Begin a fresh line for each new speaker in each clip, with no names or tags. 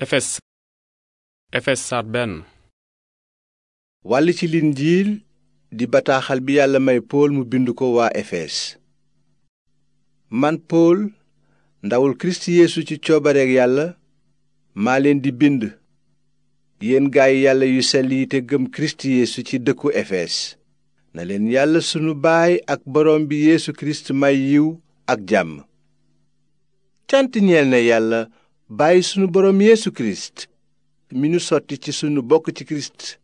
Efes Efes saar wàll ci linjiil di bataaxal bi yàlla may pool mu bind ko waa efes man pool ndawul kirist yeesu ci coobareeg yàlla maa leen di bind yéen gaay yàlla yu sell yi te gëm kirist yeesu ci dëkku efes na leen yàlla sunu baay ak boroom bi yeesu kirist may yiw ak jàmm cant ñeel na yàlla bàyyi sunu borom Yeesu kirist mi nu sotti ci sunu bokk ci kirist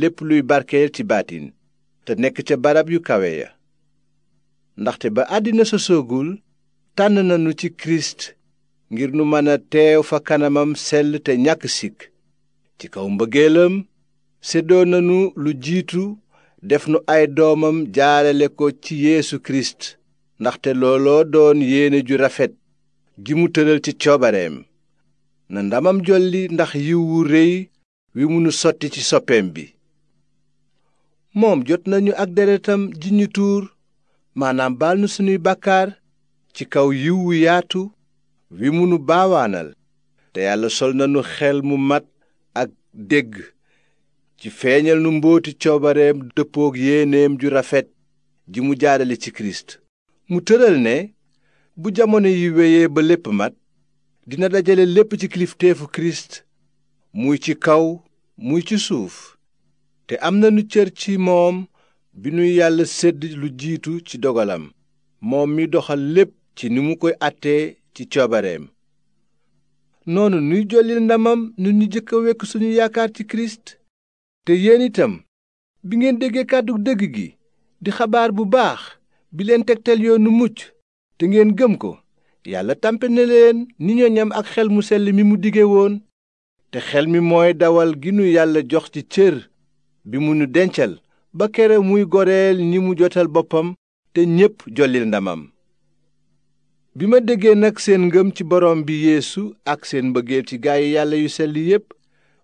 lépp luy barkeel ci baatin te nekk ca barab yu kawe ya ndaxte ba àddina sosoogul tànn nanu ci kirist ngir nu mën a teew fa kanamam sell te ñàkk sikk ci kaw mbëggeelam séddoo nanu lu jiitu def nu ay doomam jaarale ko ci yéesu kirist ndaxte looloo doon yéene ju rafet ji mu tëral ci coobareem na ndamam jolli ndax yiw wu réy wi munu sotti ci soppeem bi moom jot nañu ak deretam ji ñu tuur maanaam baal nu sunuy bàkkaar ci kaw yiw wu yaatu wi mënu baawaanal te yàlla sol nañu xel mu mat ak dégg ci feeñal nu mbooti coobareem dëppook yéeneem ju rafet ji mu jaarale ci kirist mu tëral ne bu jamono yi weyee ba lépp mat dina dajale lépp ci kilifteefu kirist muy ci kaw muy ci suuf te am nanu cër ci moom bi nuy yàlla sedd lu jiitu ci dogalam moom mi doxal lépp ci ni mu koy àttee ci coobareem noonu nuy jollil ndamam nu ñu jëkk a wekk suñu yaakaar ci kirist te yéen itam bi ngeen déggee kàddu dégg gi di xabaar bu baax bi leen tegtal yoonu mucc te ngeen gëm ko yàlla tàmpe na leen ni ñoñam ak xel mu selli mi mu dige woon te xel mi mooy dawal gi nu yàlla jox ci cër bi mu nu dencal ba kere muy goreel ñi mu jotal boppam te ñépp jollil ndamam bi ma déggee nag seen ngëm ci borom bi yeesu ak seen mbëggeel ci gaay yàlla yu selli yépp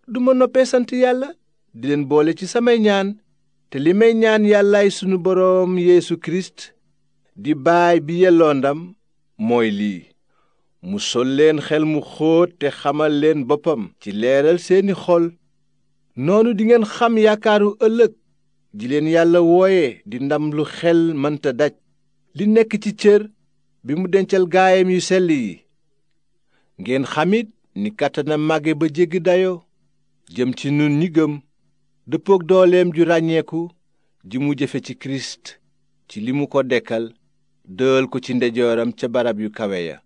duma ma sant yàlla di leen boole ci samay ñaan te li may ñaan yàllaay sunu boroom yéesu Kirist di baay bi yelloo ndam mooy lii mu sol leen xel mu xóot te xamal leen boppam ci leeral seeni xol noonu dingeen xam yaakaaru ëllëg ji leen yàlla wooye di ndam lu xel mënta daj li nekk ci cër bi mu dencal gaayam yu sell yi ngeen xamit ni kàttanam màgge ba jéggi dayo jëm ci nun ñi gëm dëppook dooleem ju ràññeeku ji mu jëfe ci kirist ci li mu ko dekkal dëwal ko ci ndejooram ca barab yu kawe ya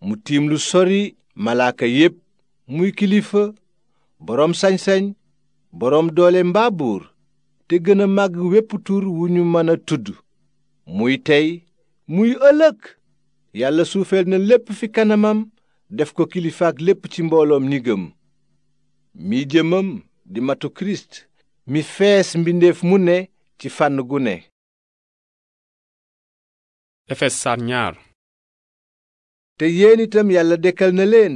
mu tiim lu sori malaaka yépp muy kilifa boroom sañsañ sañ boroom doole mbaa buur te gën a màgg wépp tur wu ñu mën a tudd muy tey muy ëllëg yàlla suufeel na lépp fi kanamam def ko kilifaak lépp ci mbooloom ñi gëm mi jëmam di matu kirist mi fees mbindeef mu ne ci fànn gu ne Efes sar ñaar te yéen itam yàlla dekkal na leen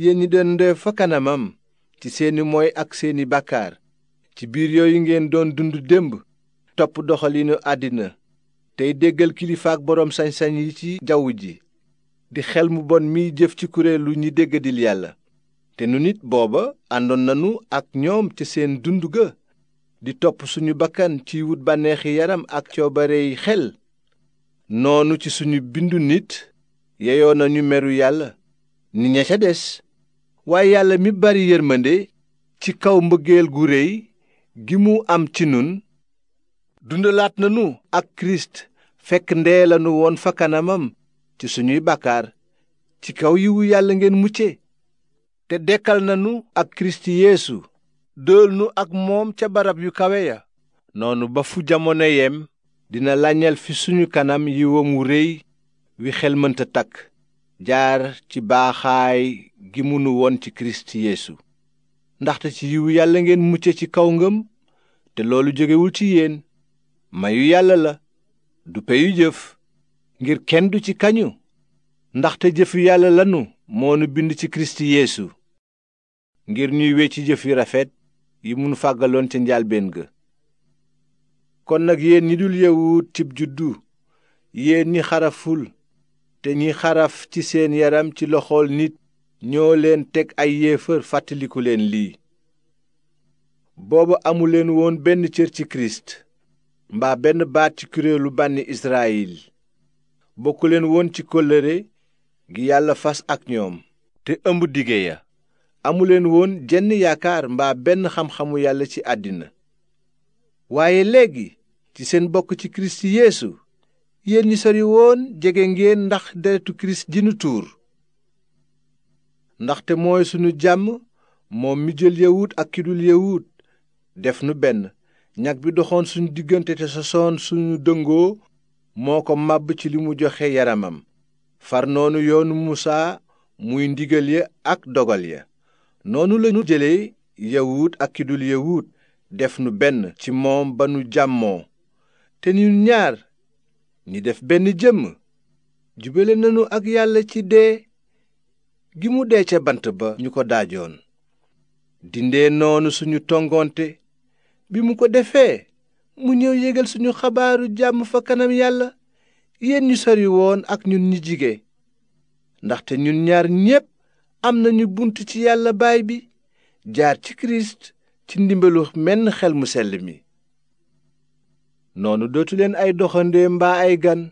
yéen ñi doon dee fa kanamam ci seeni mooy ak seeni bàkkaar ci biir yooyu ngeen doon dund démb topp doxalinu àddina tey déggal kilifaak boroom sañ-sañ yi ci jaww ji di xel mu bon miy jëf ci kuréelu ñi déggadil yàlla te nu nit booba àndoon nanu ak ñoom ca seen dund ga di topp suñu bakkan ci wut bànneexi yaram ak coobarey xel noonu ci suñu bindu nit yeyoo nañu meru yàlla ni ña ca des waaye yàlla mi bari yërmande ci kaw mbëggeel gu réy gi mu am ci nun dundalaat nanu ak kirist fekk ndee lanu woon fa kanamam ci suñuy bàkkaar ci kaw yiwu yàlla ngeen mucce te dekkal nanu ak kirist yéesu dóol nu ak moom ca barab yu kawe ya noonu ba fu jamono yem dina laññal fi suñu kanam yiwam wu réy wi xel mënta takk jaar ci baaxaay gi mënu won ci kirist yéesu ndaxte ci yiwu yàlla ngeen mucce ci kaw ngëm te loolu jógewul ci yéen mayu yàlla la du peyu jëf ngir kenn du ci kañu ndaxte jëfi yàlla lanu moonu bind ci kirist yeesu ngir ñuy ci jëf yu rafet yi mënu fàggaloon ca njaalbeen ga kon nag yéen ñi dul yawut cib juddu yéen ñi xaraful te ñi xaraf ci seen yaram ci loxool nit ñoo leen teg ay yéefar fàttaliku leen lii booba amuleen woon benn cër ci kirist mbaa benn baat ci kuréelu bànni israyil bokkuleen woon ci kóllëre gi yàlla fas ak ñoom te ëmb dige ya amuleen woon jenn yaakaar mbaa benn xam-xamu yàlla ci àddina waaye léegi ci seen bokk ci kirist yéesu yéen ñi sori woon jege ngeen ndax deretu kirist ji nu tuur ndaxte mooy sunu jàmm moom mi jël yawut ak ki dul yawut def nu benn ñag bi doxoon suñu diggante te sosoon suñu dëngoo moo ko màbb ci li mu joxe yaramam far noonu yoonu musaa muy ndigal ya ak dogal ya noonu lañu jële yawut ak ki dul yawut def nu benn ci moom ba nu jàmmoo te ñun ñaar ñi def benn jëmm jubale nanu ak yàlla ci dee gi mu dee ca bant ba ñu ko daajoon dinde noonu suñu tongoonte bi mu ko defee mu ñëw yégal suñu xabaaru jàmm fa kanam yàlla yéen ñu sori woon ak ñun ñi jige ndaxte ñun ñaar ñépp am nañu bunt ci yàlla baay bi jaar ci kirist ci ndimbalu menn xel mu sell mi noonu dootu leen ay doxandee mbaa ay gan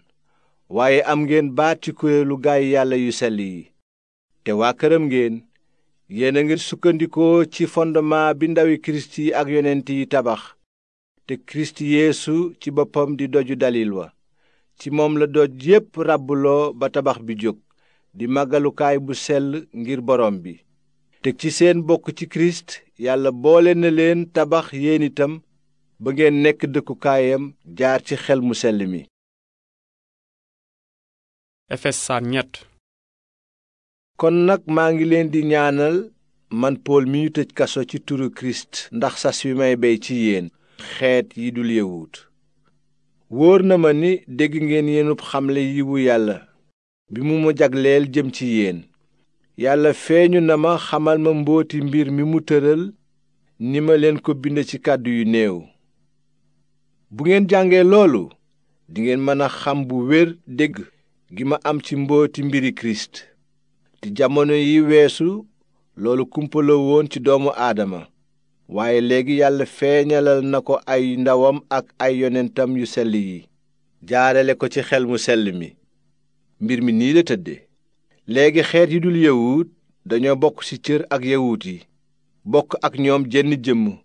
waaye am ngeen baat ci kuréelu gaay yàlla yu sell yi te waa këram ngeen yéen a ngir sukkandikoo ci fondement bi ndawi kirist yi ak yonent yi tabax te kirist yeesu ci boppam di doju dalil wa ci moom la doj yépp ràbbuloo ba tabax bi jóg di màggalukaay bu sell ngir borom bi teg ci seen bokk ci kirist yàlla boole na leen tabax yéen itam ba ngeen nekk dëkkukaayam jaar ci xel mu sell mi Efes saar ñett kon nag maa ngi leen di ñaanal man pool mi ñu tëj kaso ci turu kirist ndax sas wi may bey ci yéen xeet yi dul yewuut wóor na ma ni dégg ngeen yenub xamle yiwu yàlla bi mu ma jagleel jëm ci yéen yàlla feeñu na ma xamal ma mbooti mbir mi mu tëral ni ma leen ko bind ci kàddu yu néew bu ngeen jàngee loolu dingeen mën a xam bu wér dégg gi ma am ci mbooti mbiri kirist te jamono yi weesu loolu kumpala woon ci doomu aadama waaye léegi yàlla feeñalal na ko ay ndawam ak ay yonentam yu sell yi jaarale ko ci xel mu sell mi mbir mi nii la tëdde léegi xeet yi dul yawut dañoo bokk ci cër ak yawut yi bokk ak ñoom jenn jëmm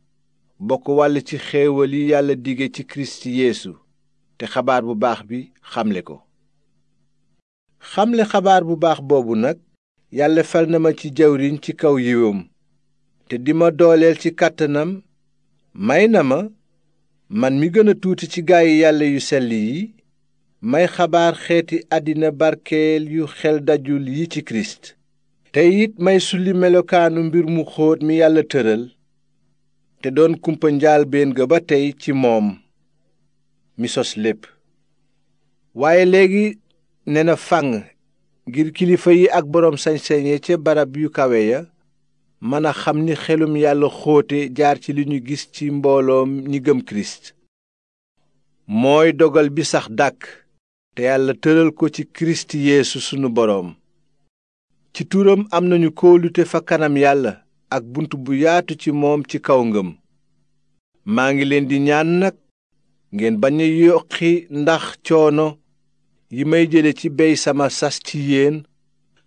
bokk wàll ci xéewal yi yàlla dige ci kirist yéesu te xabaar bu baax bi xamle ko xamle xabaar bu baax boobu nag yàlla fal na ma ci jawriñ ci kaw yiwam te di ma dooleel ci kàttanam may na ma man mi gën a tuuti ci gaay yàlla yu selli yi may xabaar xeeti àddina barkeel yu xel dajul yi ci kirist te it may sulli melokaanu mbir mu xóot mi yàlla tëral te doon kumpa njaal been ga ba tey ci moom mi sos lépp waaye léegi ne na fànn ngir kilifa yi ak boroom sañ-sañ ca barab yu kawe ya mën a xam ni xelum yàlla xóote jaar ci li ñu gis ci mbooloo ñi gëm kirist mooy dogal bi sax dàkk te yàlla tëral ko ci kirist yéesu sunu boroom ci turam am nañu lute fa kanam yàlla ak bunt bu yaatu ci moom ci kaw ngëm maa ngi leen di ñaan nag ngeen bañ a yoqi ndax coono yi may jële ci bey sama sas ci yéen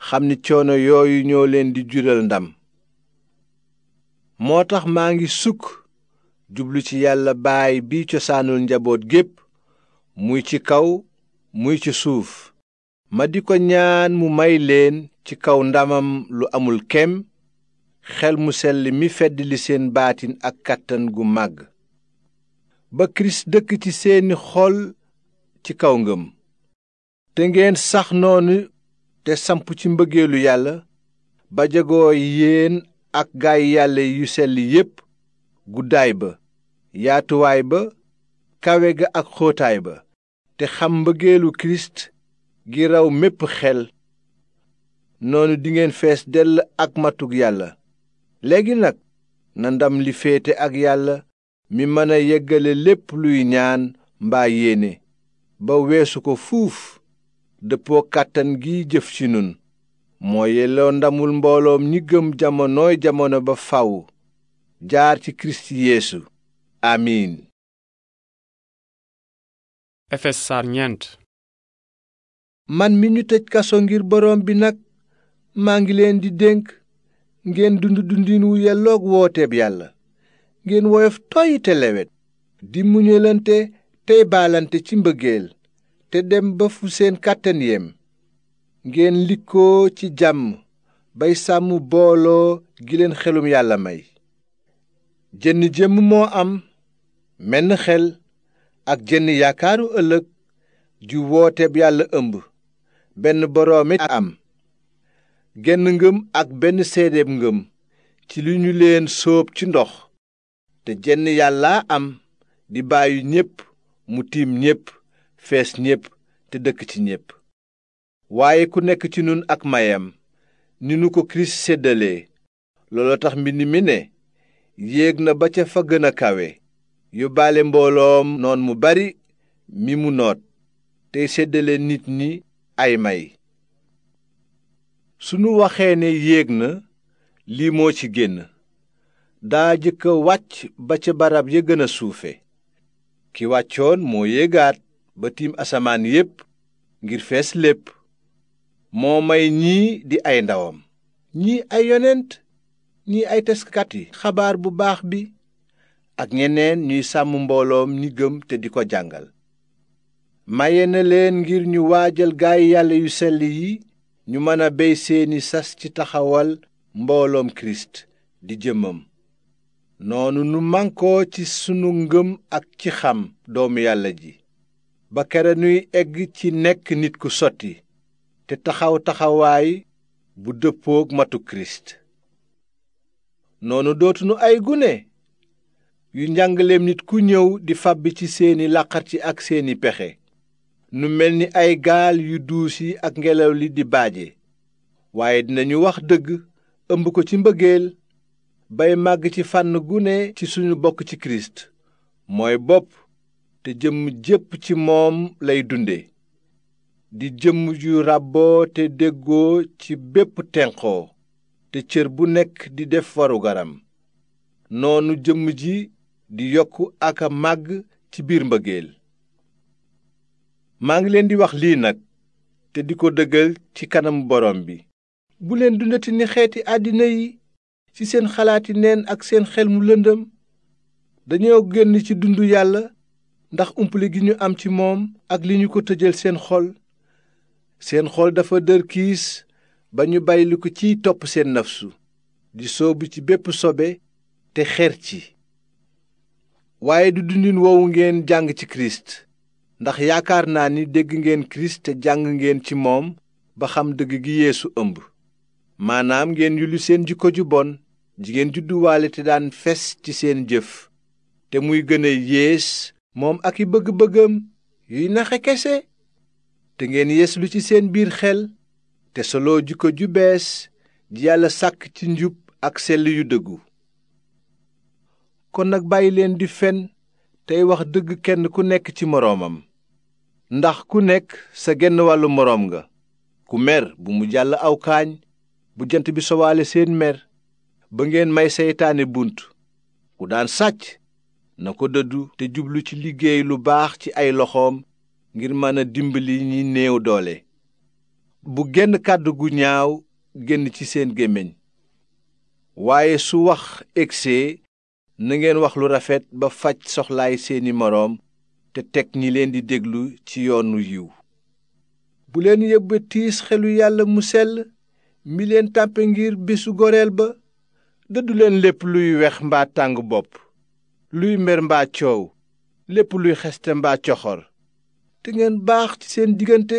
xam ni coono yooyu ñoo leen di jural ndam moo tax maa ngi sukk jublu ci yàlla baay bi cosaanul njaboot gépp muy ci kaw muy ci suuf ma di ko ñaan mu may leen ci kaw ndamam lu amul kem xel mu selli mi fedd li seen baatin ak kàttan gu màgg ba kirist dëkk ci seeni xol ci kaw ngëm te ngeen sax noonu te samp ci mbëggeelu yàlla ba jegoo yéen ak gaay yàlla yu selli yépp guddaay ba yaatuwaay ba kawe ga ak xóotaay ba te xam mbëggeelu kirist gi raw mépp xel noonu dingeen fees dell ak matuk yàlla léegi nag na ndam li féete ak yàlla mi mën a yeggale lépp luy ñaan mbaa yéene ba weesu ko fuuf dëppoo kàttan gi jëf ci nun moo yelloo ndamul mbooloom ñi gëm jamonooy jamono ba faw jaar ci kirist yéesu amiin Efes saar man mi ñu tëj kaso ngir borom bi nag maa ngi leen di dénk ngeen dund dundin wu yelloog wooteeb yàlla ngeen woyof toy te lewet di muñalante tey baalante ci mbëggeel te dem ba fu seen kàttan yem ngeen likkoo ci jàmm bay sàmm booloo gi leen xelum yàlla may jënn jëmm moo am menn xel ak jenn yaakaaru ëllëg ju wooteeb yàlla ëmb benn boroomi am genn ngëm ak benn seedeeb ngëm ci li ñu leen sóob ci ndox te jenn yàlla am di bàyyi ñépp mu tiim ñépp fees ñépp te dëkk ci ñépp waaye ku nekk ci nun ak mayam ni nu ko kirist séddalee looloo tax mbind mi ne yéeg na ba ca fa gën a kawe yóbbaale mbooloom noon mu bari mi mu noot te séddale nit ñi ay may sunu waxee ne yéeg na lii moo ci génn daa jëkk a wàcc ba ca barab ya gën a suufe ki wàccoon moo yéegaat ba tiim asamaan yépp ngir fees lépp moo may ñii di ay ndawam ñii ay yonent ñii ay teskati xabaar bu baax bi ak ñeneen ñuy sàmm mbooloom ñi gëm te di ko jàngal maye na leen ngir ñu waajal gaay yàlla yu sell yi ñu mën a bey seeni sas ci taxawal mbooloom kirist di jëmmam noonu nu mànkoo ci sunu ngëm ak ci xam doomu yàlla ji ba kere nuy egg ci nekk nit ku sotti te taxaw taxawaay bu dëppook matu kirist noonu dootunu ay gune yu njàngaleem nit ku ñëw di fàbbi ci seeni làqarci ak seeni pexe nu mel ni ay gaal yu duus yi ak ngelaw li di baaje waaye dinañu wax dëgg ëmb ko ci mbëggeel bay màgg ci fànn gu ne ci suñu bokk ci kirist mooy bopp te jëmm jépp ci moom lay dunde di jëmm ju ràbboo te déggoo ci bépp tenqoo te cër bu nekk di def waru garam noonu jëmm ji di yokk ak a màgg ci biir mbëggeel maa ngi leen di wax lii nag te di ko dëggal ci kanamu borom bi bu leen dundati ni xeeti àddina yi ci seen xalaati nen ak seen xel mu lëndëm dañoo génn ci dundu yàlla ndax umpale gi ñu am ci moom ak li ñu ko tëjal seen xol seen xol dafa dër kiis ba ñu bàyyi li ko ciy topp seen nafsu di soobu ci bépp sobe te xer ci waaye du dundin woowu ngeen jàng ci kirist ndax yaakaar naa ni dégg ngeen kirist te jàng ngeen ci moom ba xam dëgg gi yéesu ëmb maanaam ngeen yulli seen jikko ju bon jigéen judduwaale te daan fes ci seen jëf te muy gën a yées moom ak i bëgg-bëggam yuy naxe kese te ngeen yeeslu ci seen biir xel te solo jikko ju bees ji yàlla sàkk ci njub ak sell yu dëggu kon nag bàyyi leen di fenn tey wax dëgg kenn ku nekk ci moroomam ndax ku nekk sa genn wàllu moroom nga ku mer bu mu jàll aw kaañ bu jant bi sowaale seen mer ba ngeen may seytaane bunt ku daan sàcc na ko dëddu te jublu ci liggéey lu baax ci ay loxoom ngir mën a dimbali ñi néew doole bu genn kàddu gu ñaaw génn ci seen gémmiñ waaye su wax egsee na ngeen wax lu rafet ba faj soxlaay seeni moroom te teg ñi leen di déglu ci yoonu yiw bu leen yëbb xelu yàlla mu sell mi leen tàppe ngir bésu goreel ba dëddu leen lépp luy wex mbaa tàng bopp luy mer mbaa coow lépp luy xeste mbaa coxor te ngeen baax ci seen diggante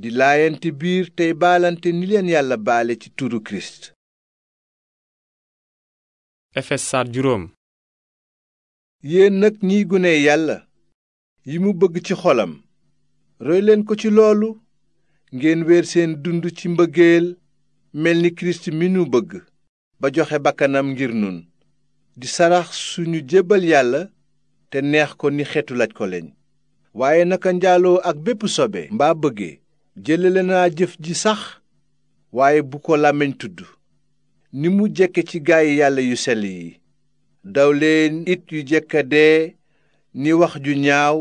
di laayante biir tey baalante ni leen yàlla baale ci turu kirist Efes saar juróom. yéen nag ñiy gune yàlla yi mu bëgg ci xolam roy ko ci loolu ngeen wéer seen dund ci mbëggeel mel ni kirist mi nu bëgg ba joxe bakkanam ngir nun di sarax suñu jébbal yàlla te neex ko ni xeetu laj ko leen waaye naka njaaloo ak bépp sobe mbaa bëgge jëlale naa jëf ji sax waaye bu ko làmmiñ tudd ni mu jekke ci gaay yàlla yu sell yi daw it yu jekka dee ni wax ju ñaaw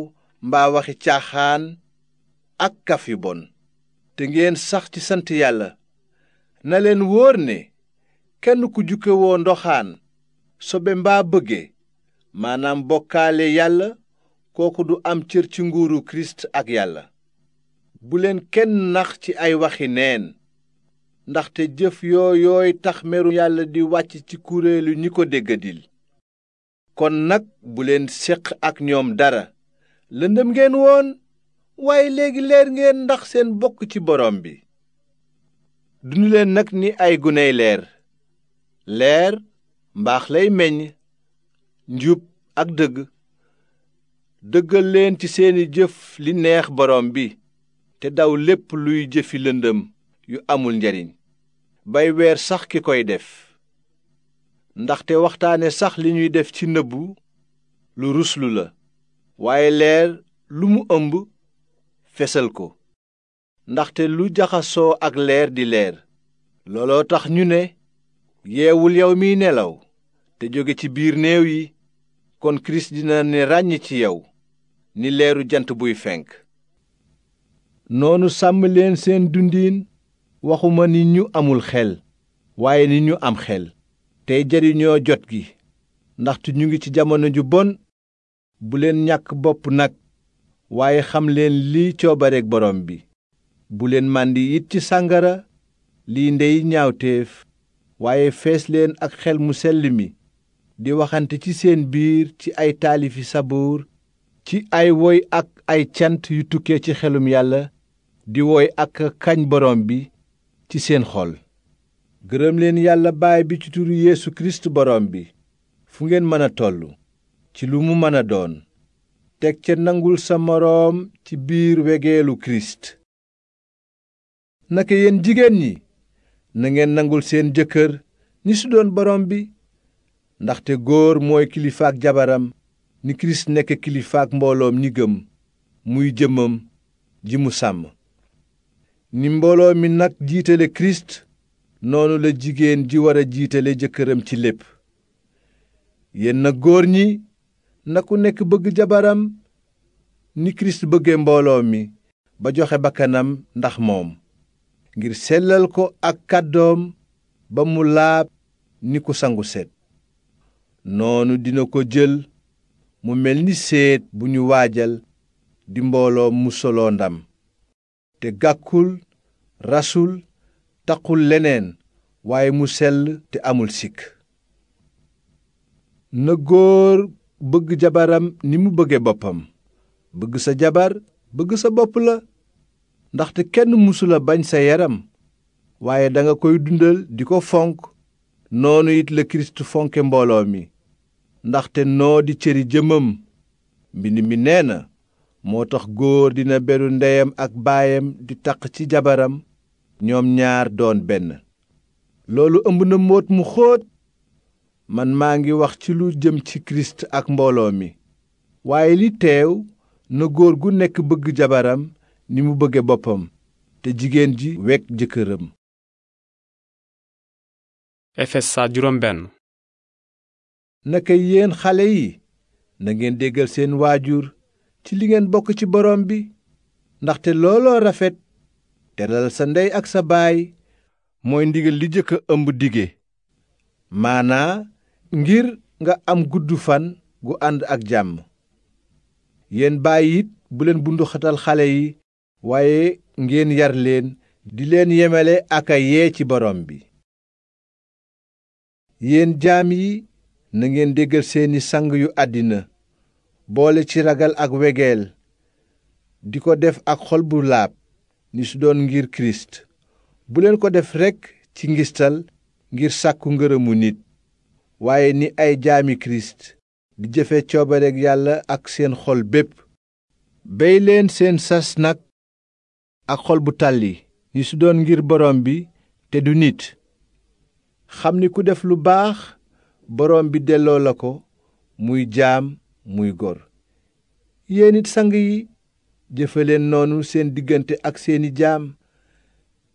mbaa waxi caaxaan ak kaf yu bon te ngeen sax ci sant yàlla na leen wóor ne kenn ku jukke woo ndoxaan sobe mbaa bëgge maanaam bokkaale yàlla kooku du am cër ci nguuru kirist ak yàlla bu leen kenn nax ci ay waxi neen ndaxte jëf yoo yooy tax meru yàlla di wàcc ci kuréelu ñi ko déggadil kon nag bu leen séq ak ñoom dara lëndëm ngeen woon waaye léegi leer ngeen ndax seen bokk ci borom bi dunu leen nag ni ay guney leer leer mbaax lay meññ njub ak dëgg dëggal leen ci seeni jëf li neex borom bi te daw lépp luy jëfi lëndëm yu amul njariñ bay weer sax ki koy def ndaxte waxtaane sax li ñuy def ci nëbbu lu ruslu la waaye leer lu mu ëmb fesal ko ndaxte lu jaxasoo ak leer di leer looloo tax ñu ne yeewul yow miy nelaw te jóge ci biir néew yi kon kirist dina ne ràññ ci yow ni leeru jant buy fenk waxuma ni ñu amul xel waaye ni ñu am xel tey jariñoo jot gi ndaxte ñu ngi ci jamono ju bon bu leen ñàkk bopp nag waaye xam leen li coobareeg borom bi bu leen màndi it ci sàngara lii ndey ñaawteef waaye fees leen ak xel mu sell mi di waxante ci seen biir ci ay taalifi sabuur ci ay woy ak ay cant yu tukkee ci xelum yàlla di woy ak kañ borom bi ci seen xol gërëm leen yàlla baay bi ci tur yéesu Kirist borom bi fu ngeen mën a tollu ci lu mu mën a doon teg ca nangul sa moroom ci biir wegeelu Kirist naka yéen jigéen ñi na ngeen nangul seen jëkkër ni su doon borom bi ndaxte góor mooy kilifaak jabaram ni Kirist nekk kilifaak mbooloom ñi gëm muy jëmmam ji mu sàmm ni mbooloo mi nag jiitale kirist noonu la jigéen ji war a jiitale jëkkëram ci lépp yéen nag góor ñi na ku nekk bëgg jabaram ni kirist bëgge mbooloo mi ba joxe bakkanam ndax moom ngir sellal ko ak kàddoom ba mu laab ni ku sangu set noonu dina ko jël mu mel ni seet bu ñu waajal di mbooloo mu soloo ndam te gàkkul rasul taqul leneen waaye mu sell te amul sikk na góor bëgg jabaram ni mu bëgge boppam bëgg sa jabar bëgg sa bopp la ndaxte kenn musula bañ sa yaram waaye danga koy dundal di ko fonk noonu it la kirist fonke mbooloo mi ndaxte noo di cëri jëmmam mbind mi nee na moo tax góor dina beru ndeyam ak baayam di taq ci jabaram ñoom ñaar doon benn loolu ëmb na mbóot mu xóot man maa ngi wax ci lu jëm ci kirist ak mbooloo mi waaye li teew na góor gu nekk bëgg jabaram ni mu bëgge boppam te jigéen ji wekk jëkkëram efes saa juróom benn xale yi na ngeen déggal seen waajur ci li ngeen bokk ci borom bi ndaxte looloo rafet teral sa ndey ak sa baay mooy ndigal li jëkk ëmb dige maanaa ngir nga am gudd fan gu ànd ak jàmm yenn baay it bu leen bunduxatal xale yi waaye ngeen yar leen di leen yemale ak a yee ci borom bi yéen jaam yi na ngeen déggal seeni sang àddina boole ci ragal ak wegeel di ko def ak xol bu laab ni su doon ngir kirist buleen ko def rekk ci ngistal ngir sàkku ngërëmu nit waaye ni ay jaami kirist di jëfe coobareeg yàlla ak seen xol bépp bey leen seen sas nag ak xol bu tàlli ni su doon ngir borom bi te du nit xam ni ku def lu baax borom bi delloo la ko muy jaam muy gor yéenit sang yi jëfe leen noonu seen diggante ak seeni jaam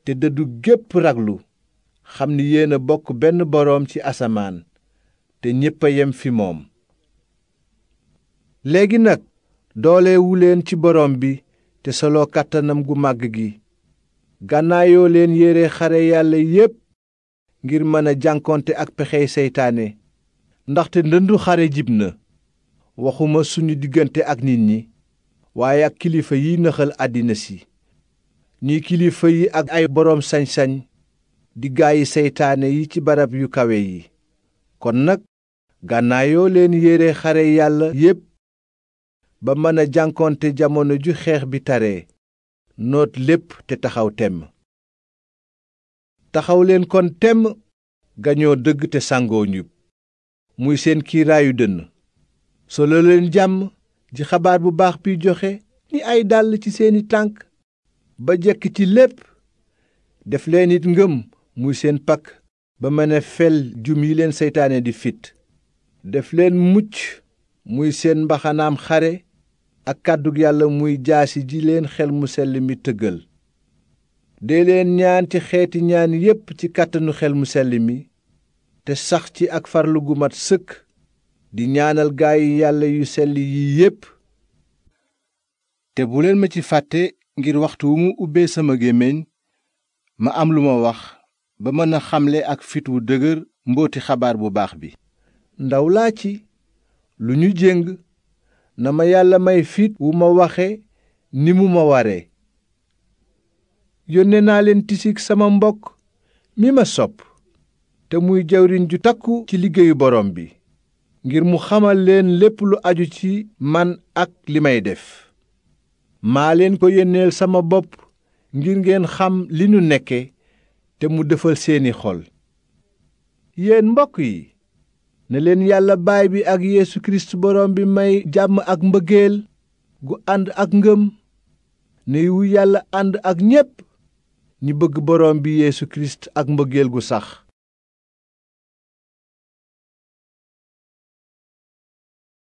te dëddu gépp raglu xam ni yéen bokk benn boroom ci asamaan te ñépp a yem fi moom léegi nag doolewuleen ci boroom bi te soloo kàttanam gu màgg gi gànnaayoo leen yére xare yàlla yépp ngir mën a jànkonte ak pexey seytaane ndaxte ndëndu xare jib na waxuma suñu diggante ak nit ñi waaye ak kilifa yi nëxal àddina si ñuy kilifa yi ak ay boroom sañ-sañ di gaayi seytaane yi ci barab yu kawe yi kon nag gànnaayoo leen yére xare yàlla yépp ba mëna a jànkoonte jamono ju xeex bi taree noot lépp te taxaw temm taxaw kon temm gañoo dëgg te sangoo njub muy seen kiiraayu dënn solo leen jàmm ji xabaar bu baax bi joxe ni ay dàll ci seeni tànk ba jekk ci lépp def leen it ngëm muy seen pakk ba mën a fel jum yi leen seytaane di fit def leen mucc muy seen mbaxanaam xare ak kàddu yàlla muy jaasi ji leen xel mu selli mi tëggal dee leen ñaan ci xeeti ñaan yépp ci kàttanu xel mu selli mi te sax ci ak farlu gu mat sëkk di ñaanal gaay yàlla yu sell yi yépp te buleen ma ci fàtte ngir waxtu wu mu ubbee sama gémmiñ ma am lu ma wax ba mën a xamle ak fit wu dëgër mbooti xabaar bu baax bi ndaw laa ci lu ñu jéng na ma yàlla may fit wu ma waxe ni mu ma waree yónne naa leen tisik sama mbokk mi ma sopp te muy jawriñ ju takku ci liggéeyu borom bi ngir mu xamal leen lépp lu aju ci man ak li may def maa leen ko yónneel sama bopp ngir ngeen xam li nu nekke te mu defal seeni xol yéen mbokk yi ne leen yàlla baay bi ak Yeesu Kirist borom bi may jàmm ak mbëggeel gu ànd ak ngëm ne wu yàlla ànd ak ñépp ñi bëgg borom bi Yeesu Kirist ak mbëggeel gu sax